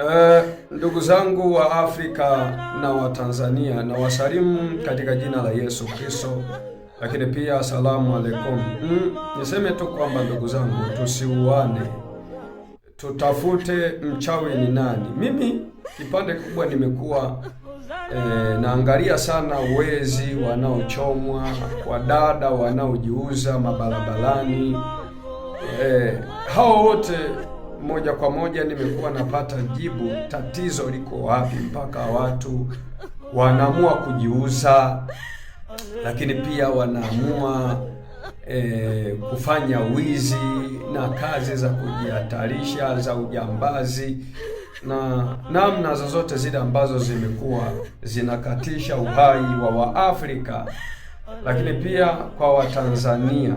Uh, ndugu zangu wa Afrika na wa Tanzania na wasalimu katika jina la Yesu Kristo, lakini pia asalamu alaikum. Mm, niseme tu kwamba ndugu zangu, tusiuane, tutafute mchawi ni nani. Mimi kipande kubwa nimekuwa eh, naangalia sana wezi wanaochomwa, wadada wanaojiuza mabarabarani, eh, hao wote moja kwa moja nimekuwa napata jibu, tatizo liko wapi mpaka watu wanaamua kujiuza, lakini pia wanaamua e, kufanya wizi na kazi za kujihatarisha za ujambazi na namna zozote zile ambazo zimekuwa zinakatisha uhai wa Waafrika, lakini pia kwa Watanzania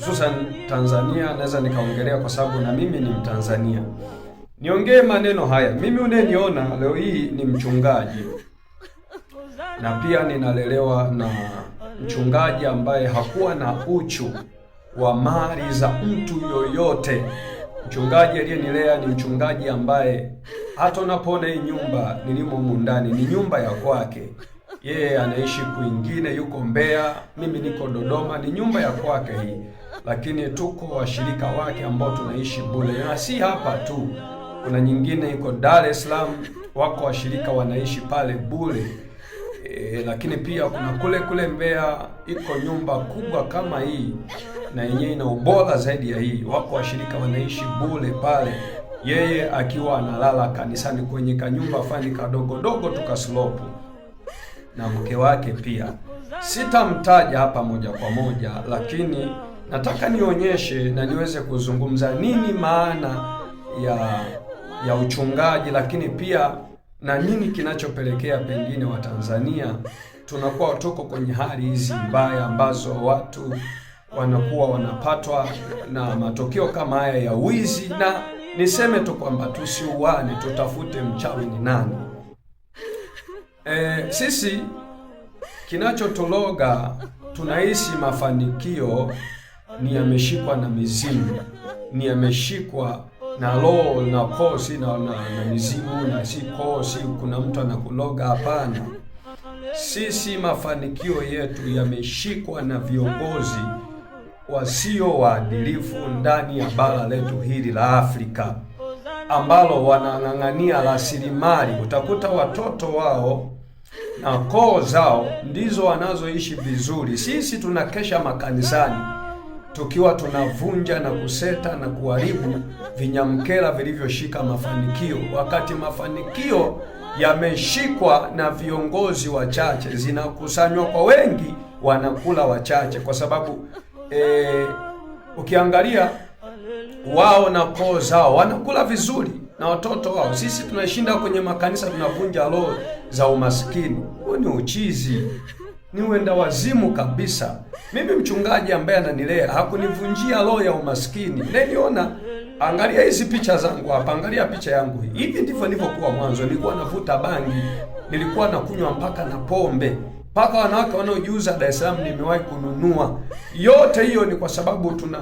hususan Tanzania, naweza nikaongelea kwa sababu na mimi ni Mtanzania. Niongee maneno haya, mimi unayeniona leo hii ni mchungaji na pia ninalelewa na mchungaji ambaye hakuwa na uchu wa mali za mtu yoyote. Mchungaji aliyenilea ni mchungaji ambaye hata unapoona hii nyumba nilimo humu ndani ni nyumba ya kwake yeye, yeah, anaishi kwingine, yuko Mbeya, mimi niko Dodoma, ni nyumba ya kwake hii lakini tuko washirika wake ambao tunaishi bule na si hapa tu, kuna nyingine iko Dar es Salaam, wako washirika wanaishi pale bule E, lakini pia kuna kule kule Mbeya iko nyumba kubwa kama hii na yenyewe ina ubora zaidi ya hii, wako washirika wanaishi bule pale, yeye akiwa analala kanisani kwenye kanyumba fani kadogo dogo tukaslopu na mke wake pia. Sitamtaja hapa moja kwa moja, lakini nataka nionyeshe na niweze kuzungumza nini maana ya ya uchungaji, lakini pia na nini kinachopelekea pengine Watanzania tunakuwa tuko kwenye hali hizi mbaya ambazo watu wanakuwa wanapatwa na matokeo kama haya ya wizi. Na niseme tu kwamba tusiuane, tutafute mchawi ni nani. E, sisi kinachotuloga tunahisi mafanikio ni ameshikwa na mizimu, ni ameshikwa na roho na koo na, na, na mizimu na si si kuna mtu anakuloga. Hapana, sisi mafanikio yetu yameshikwa na viongozi wasio waadilifu ndani ya bara letu hili la Afrika ambalo wanang'ang'ania rasilimali. Utakuta watoto wao na koo zao ndizo wanazoishi vizuri. Sisi tunakesha makanisani tukiwa tunavunja na kuseta na kuharibu vinyamkela vilivyoshika mafanikio, wakati mafanikio yameshikwa na viongozi wachache, zinakusanywa kwa wengi, wanakula wachache, kwa sababu e, ukiangalia wao na koo zao wanakula vizuri na watoto wao. Sisi tunashinda kwenye makanisa, tunavunja roho za umaskini. Huo ni uchizi ni wenda wazimu kabisa. Mimi mchungaji ambaye ananilea hakunivunjia roho ya umaskini. Niliona, angalia hizi picha zangu hapa, angalia picha yangu hii. Hivi ndivyo nilivyokuwa mwanzo, nilikuwa navuta bangi, nilikuwa nakunywa mpaka na pombe, mpaka wanawake wanaojiuza Dar es Salaam nimewahi kununua. Yote hiyo ni kwa sababu tuna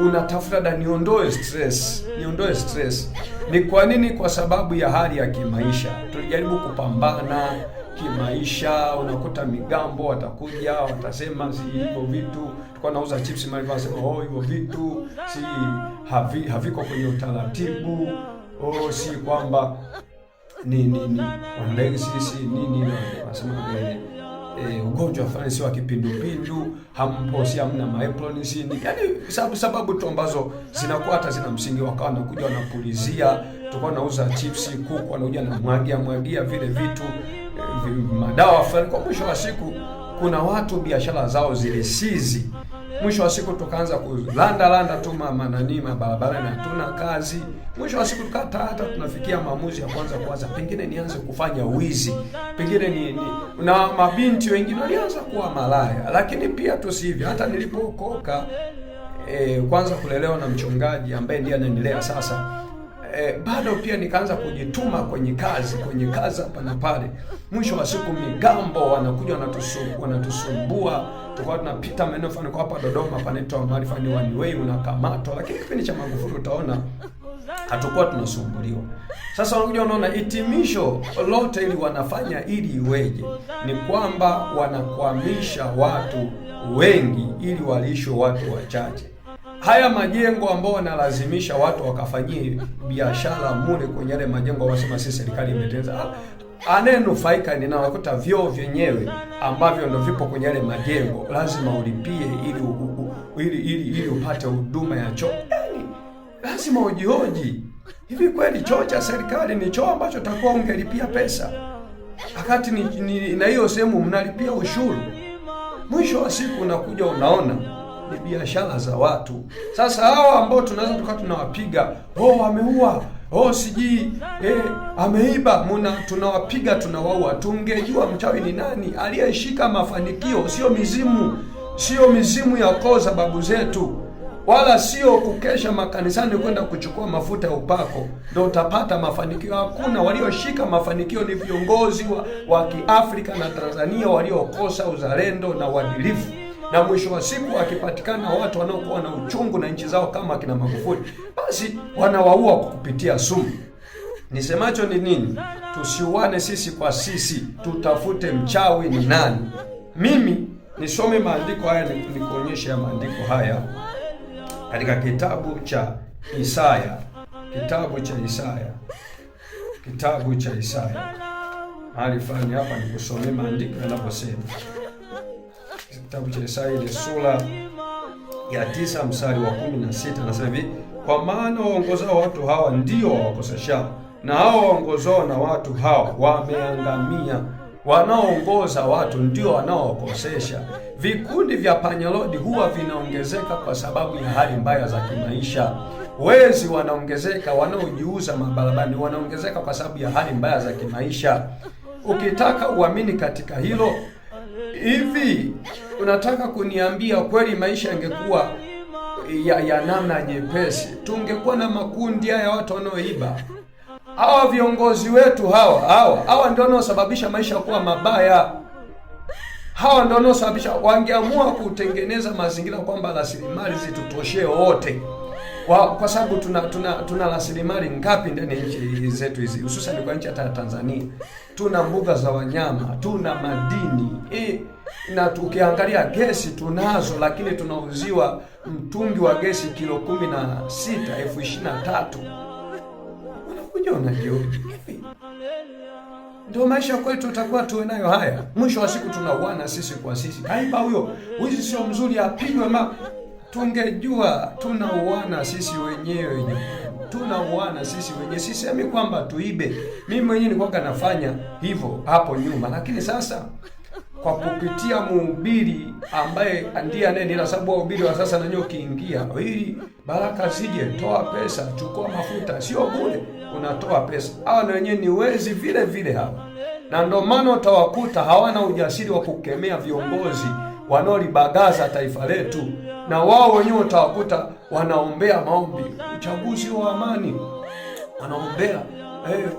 unatafuta da, niondoe stress, niondoe stress. Ni kwa nini? Kwa sababu ya hali ya kimaisha, tulijaribu kupambana kimaisha, unakuta migambo watakuja watasema si hivyo vitu tulikuwa nauza chips mali wasema oh, hivyo vitu si havi, haviko kwenye utaratibu oh, si kwamba ni ni ni wanadai sisi nini wanasema E, ugonjwa fulani si wa kipindupindu, hampo si amna maeploni si ni yani, sababu sababu tu ambazo zinakuwa hata zina msingi, wakawa nakuja wanapulizia, tulikuwa nauza chipsi, kuku anakuja na mwagia mwagia vile vitu madawa fulani. Kwa mwisho wa siku, kuna watu biashara zao zilisizi, mwisho wa siku tukaanza kulanda landa tu mama nani na hatuna kazi. Mwisho wa siku tukata hata tunafikia maamuzi ya kwanza kwanza, pengine nianze kufanya wizi, pengine ni, ni na mabinti wengine walianza kuwa malaya. Lakini pia tu hata nilipookoka eh, kwanza kulelewa na mchungaji ambaye ndiye ananilea sasa eh, bado pia nikaanza kujituma kwenye kazi kwenye kazi hapa na pale. Mwisho wa siku migambo wanakuja wanatusumbua, wanatusumbua. Tukawa tunapita maeneo fulani kwa hapa Dodoma panaitwa mahali fulani one way unakamatwa, lakini kipindi cha Magufuli utaona hatakuwa tunasumbuliwa. Sasa wanakuja wanaona hitimisho lote ili wanafanya ili iweje? Ni kwamba wanakwamisha watu wengi ili walishwe watu wachache haya majengo ambao wanalazimisha watu wakafanyie biashara mule kwenye yale majengo, wasema si serikali imetengeneza. Ah, anayenufaika ni nawakuta vyoo vyenyewe ambavyo ndo vipo kwenye yale majengo, lazima ulipie ili ili ili, ili upate huduma ya choo. Yaani, lazima ujihoji, hivi kweli choo cha serikali ni choo ambacho takuwa ungelipia pesa wakati ni, ni, na hiyo sehemu mnalipia ushuru. Mwisho wa siku unakuja unaona kwenye biashara za watu. Sasa hawa ambao tunaweza tukawa tunawapiga oh, wameua oh, sijui eh, ameiba, muna tunawapiga tunawaua. Tungejua mchawi ni nani aliyeshika mafanikio, sio mizimu, sio mizimu ya koo za babu zetu wala sio kukesha makanisani kwenda kuchukua mafuta ya upako ndio utapata mafanikio. Hakuna. Walioshika mafanikio ni viongozi wa, wa Kiafrika na Tanzania waliokosa uzalendo na uadilifu na mwisho wa siku akipatikana watu wanaokuwa na uchungu na nchi zao kama akina Magufuli, basi wanawaua kwa kupitia sumu. Nisemacho ni nini? Tusiuane sisi kwa sisi, tutafute mchawi ni nani. Mimi nisome maandiko haya, nikuonyeshe maandiko haya katika kitabu cha Isaya, kitabu cha Isaya, kitabu cha Isaya hali fulani hapa, nikusomee maandiko yanavyosema kitabu cha Isaya ile sura ya tisa mstari wa kumi na sita anasema hivi, kwa maana waongozao watu hawa ndio wawakoseshao, na hao waongozao na watu hawa wameangamia. Wanaoongoza watu ndio wanaokosesha. Vikundi vya panyalodi huwa vinaongezeka kwa sababu ya hali mbaya za kimaisha. Wezi wanaongezeka, wanaojiuza mabarabani wanaongezeka kwa sababu ya hali mbaya za kimaisha. Ukitaka uamini katika hilo Hivi unataka kuniambia kweli maisha yangekuwa ya, ya namna nyepesi, tungekuwa na makundi haya watu wanaoiba? Hawa viongozi wetu hawa hawa hawa ndio wanaosababisha maisha kuwa mabaya hawa ndio wanaosababisha. Wangeamua kutengeneza mazingira kwamba rasilimali zitutoshee wote kwa, kwa sababu tuna tuna tuna rasilimali ngapi ndani ya nchi zetu hizi, hususan kwa nchi hata Tanzania. Tuna mbuga za wanyama, tuna madini e, na tukiangalia gesi tunazo, lakini tunauziwa mtungi wa gesi kilo kumi na sita elfu ishirini na tatu unakuja unajiona ndio maisha kwetu, tutakuwa tuwe nayo haya. Mwisho wa siku tunauana sisi kwa sisi. Kaiba huyo, wizi sio mzuri, apigwe ma. Tungejua tunauana sisi wenyewe, tunauana sisi wenyewe. Sisemi kwamba tuibe, mimi mwenyewe nilikuwa nafanya hivyo hapo nyuma, lakini sasa kwa kupitia mhubiri ambaye ndiye anayenila, sababu mhubiri wa sasa nanyewe kiingia ili baraka zije, toa pesa, chukua mafuta, sio bure unatoa pesa. Hawa na wenyewe ni wezi vile vile hawa, na ndio maana utawakuta hawana ujasiri wa kukemea viongozi wanaolibagaza taifa letu, na wao wenyewe utawakuta wanaombea maombi uchaguzi wa amani, wanaombea hey, eh,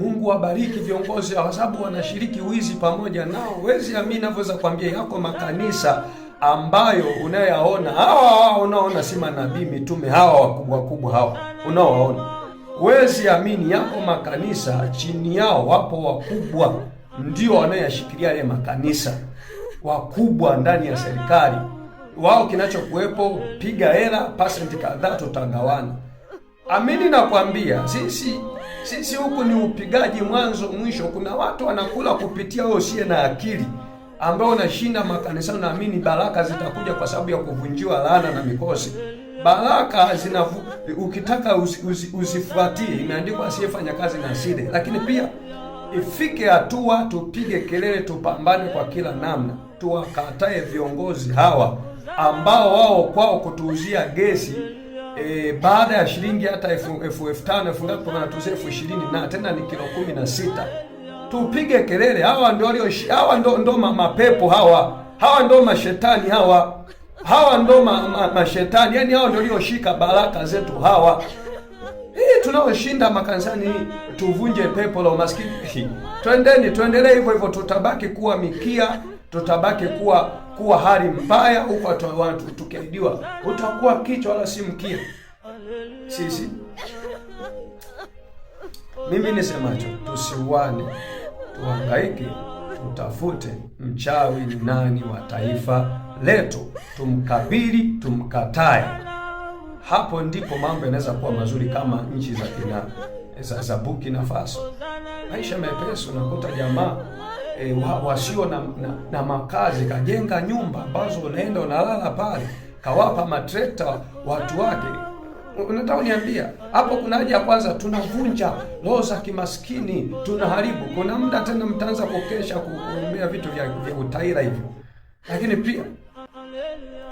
Mungu wabariki viongozi, kwa sababu wanashiriki wizi pamoja nao. Wezi amini navyoweza kuambia, yako makanisa ambayo unayaona hawa hawa unaona si manabii mitume hawa wakubwa kubwa hawa unaowaona Wezi amini yako makanisa chini yao wapo wakubwa, ndio wanayashikilia yale makanisa, wakubwa ndani ya serikali. Wao kinachokuwepo piga hela, pasenti kadhaa tutagawana. Amini nakwambia, sisi sisi huku ni upigaji mwanzo mwisho. Kuna watu wanakula kupitia wewe usiye na akili, ambao unashinda makanisa, naamini baraka zitakuja kwa sababu ya kuvunjiwa laana na mikosi. Baraka zinafu, ukitaka usi, usi, Imeandikwa asiyefanya kazi na asile, lakini pia ifike hatua tupige kelele, tupambane kwa kila namna, tuwakatae viongozi hawa ambao wao kwao kutuuzia gesi e, baada ya shilingi hata elfu elfu tano elfu ngapi wanatuuzia elfu ishirini na tena ni kilo kumi na sita. Tupige kelele, hawa ndio walio hawa ndio mapepo hawa hawa ndio mashetani hawa hawa ndo ma, ma, mashetani yani, hawa ndio walioshika baraka zetu hawa. Hii eh, tunaoshinda makanisani, tuvunje pepo la umaskini. Twendeni, tuendelee hivyo hivyo, tutabaki kuwa mikia, tutabaki kuwa kuwa hali mbaya huko, watu tukiaidiwa utakuwa kichwa wala si mkia. Sisi mimi nisemacho, tusiuane, tuhangaike, tutafute mchawi ni nani wa taifa leto tumkabili, tumkatae. Hapo ndipo mambo yanaweza kuwa mazuri kama nchi za kina za, za Burkina Faso. Maisha mepesi, unakuta jamaa e, wa, wasio na, na, na makazi kajenga nyumba ambazo unaenda unalala pale, kawapa matrekta watu wake. Unataka uniambia hapo kuna haja ya kwanza? Tunavunja roho za kimaskini, tunaharibu. Kuna muda tena mtaanza kukesha kuumia vitu vya, vya utaira hivyo, lakini pia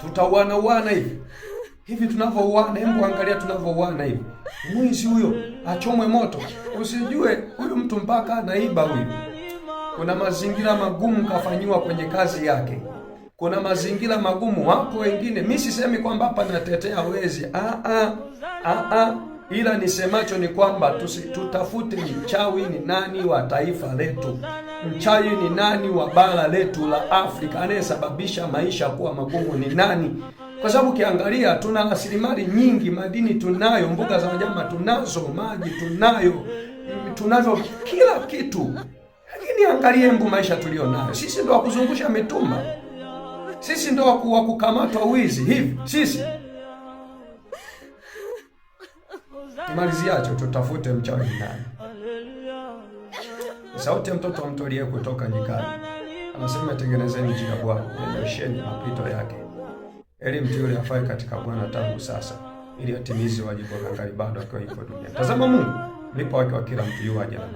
tutauanauana hivi hivi tunavyouana. Hebu angalia tunavyouana hivi, mwizi huyo achomwe moto. Usijue huyu mtu mpaka naiba huyu. Kuna mazingira magumu kafanyiwa kwenye kazi yake, kuna mazingira magumu. Wapo wengine, mi sisemi kwamba hapa natetea wezi, a ah, a ah, a ah, a, ila nisemacho ni kwamba tutafute ni chawi ni nani wa taifa letu. Mchawi mm. ni nani wa bara letu la Afrika? Anayesababisha maisha kuwa magumu ni nani? Kwa sababu ukiangalia tuna rasilimali nyingi, madini tunayo, mbuga za wanyama tunazo, maji tunayo, tunavyo kila kitu, lakini angalie mbu maisha tulio nayo sisi, ndo wakuzungusha mitumba, sisi ndo wakukamatwa wizi hivi, sisi maliziacho tutafute mchawi nani. Sauti ya mtoto wa mtu aliye kutoka nyikani anasema, tengenezeni njia Bwana, yanyosheni mapito yake. Eli mtu yule afae katika Bwana tangu sasa, ili atimize wajibu wake angali bado akiwa yuko duniani. Tazama, Mungu mlipo wake wa kila mtu yuaja na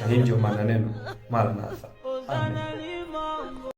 Na hii ndio maana neno Maranatha. Amen.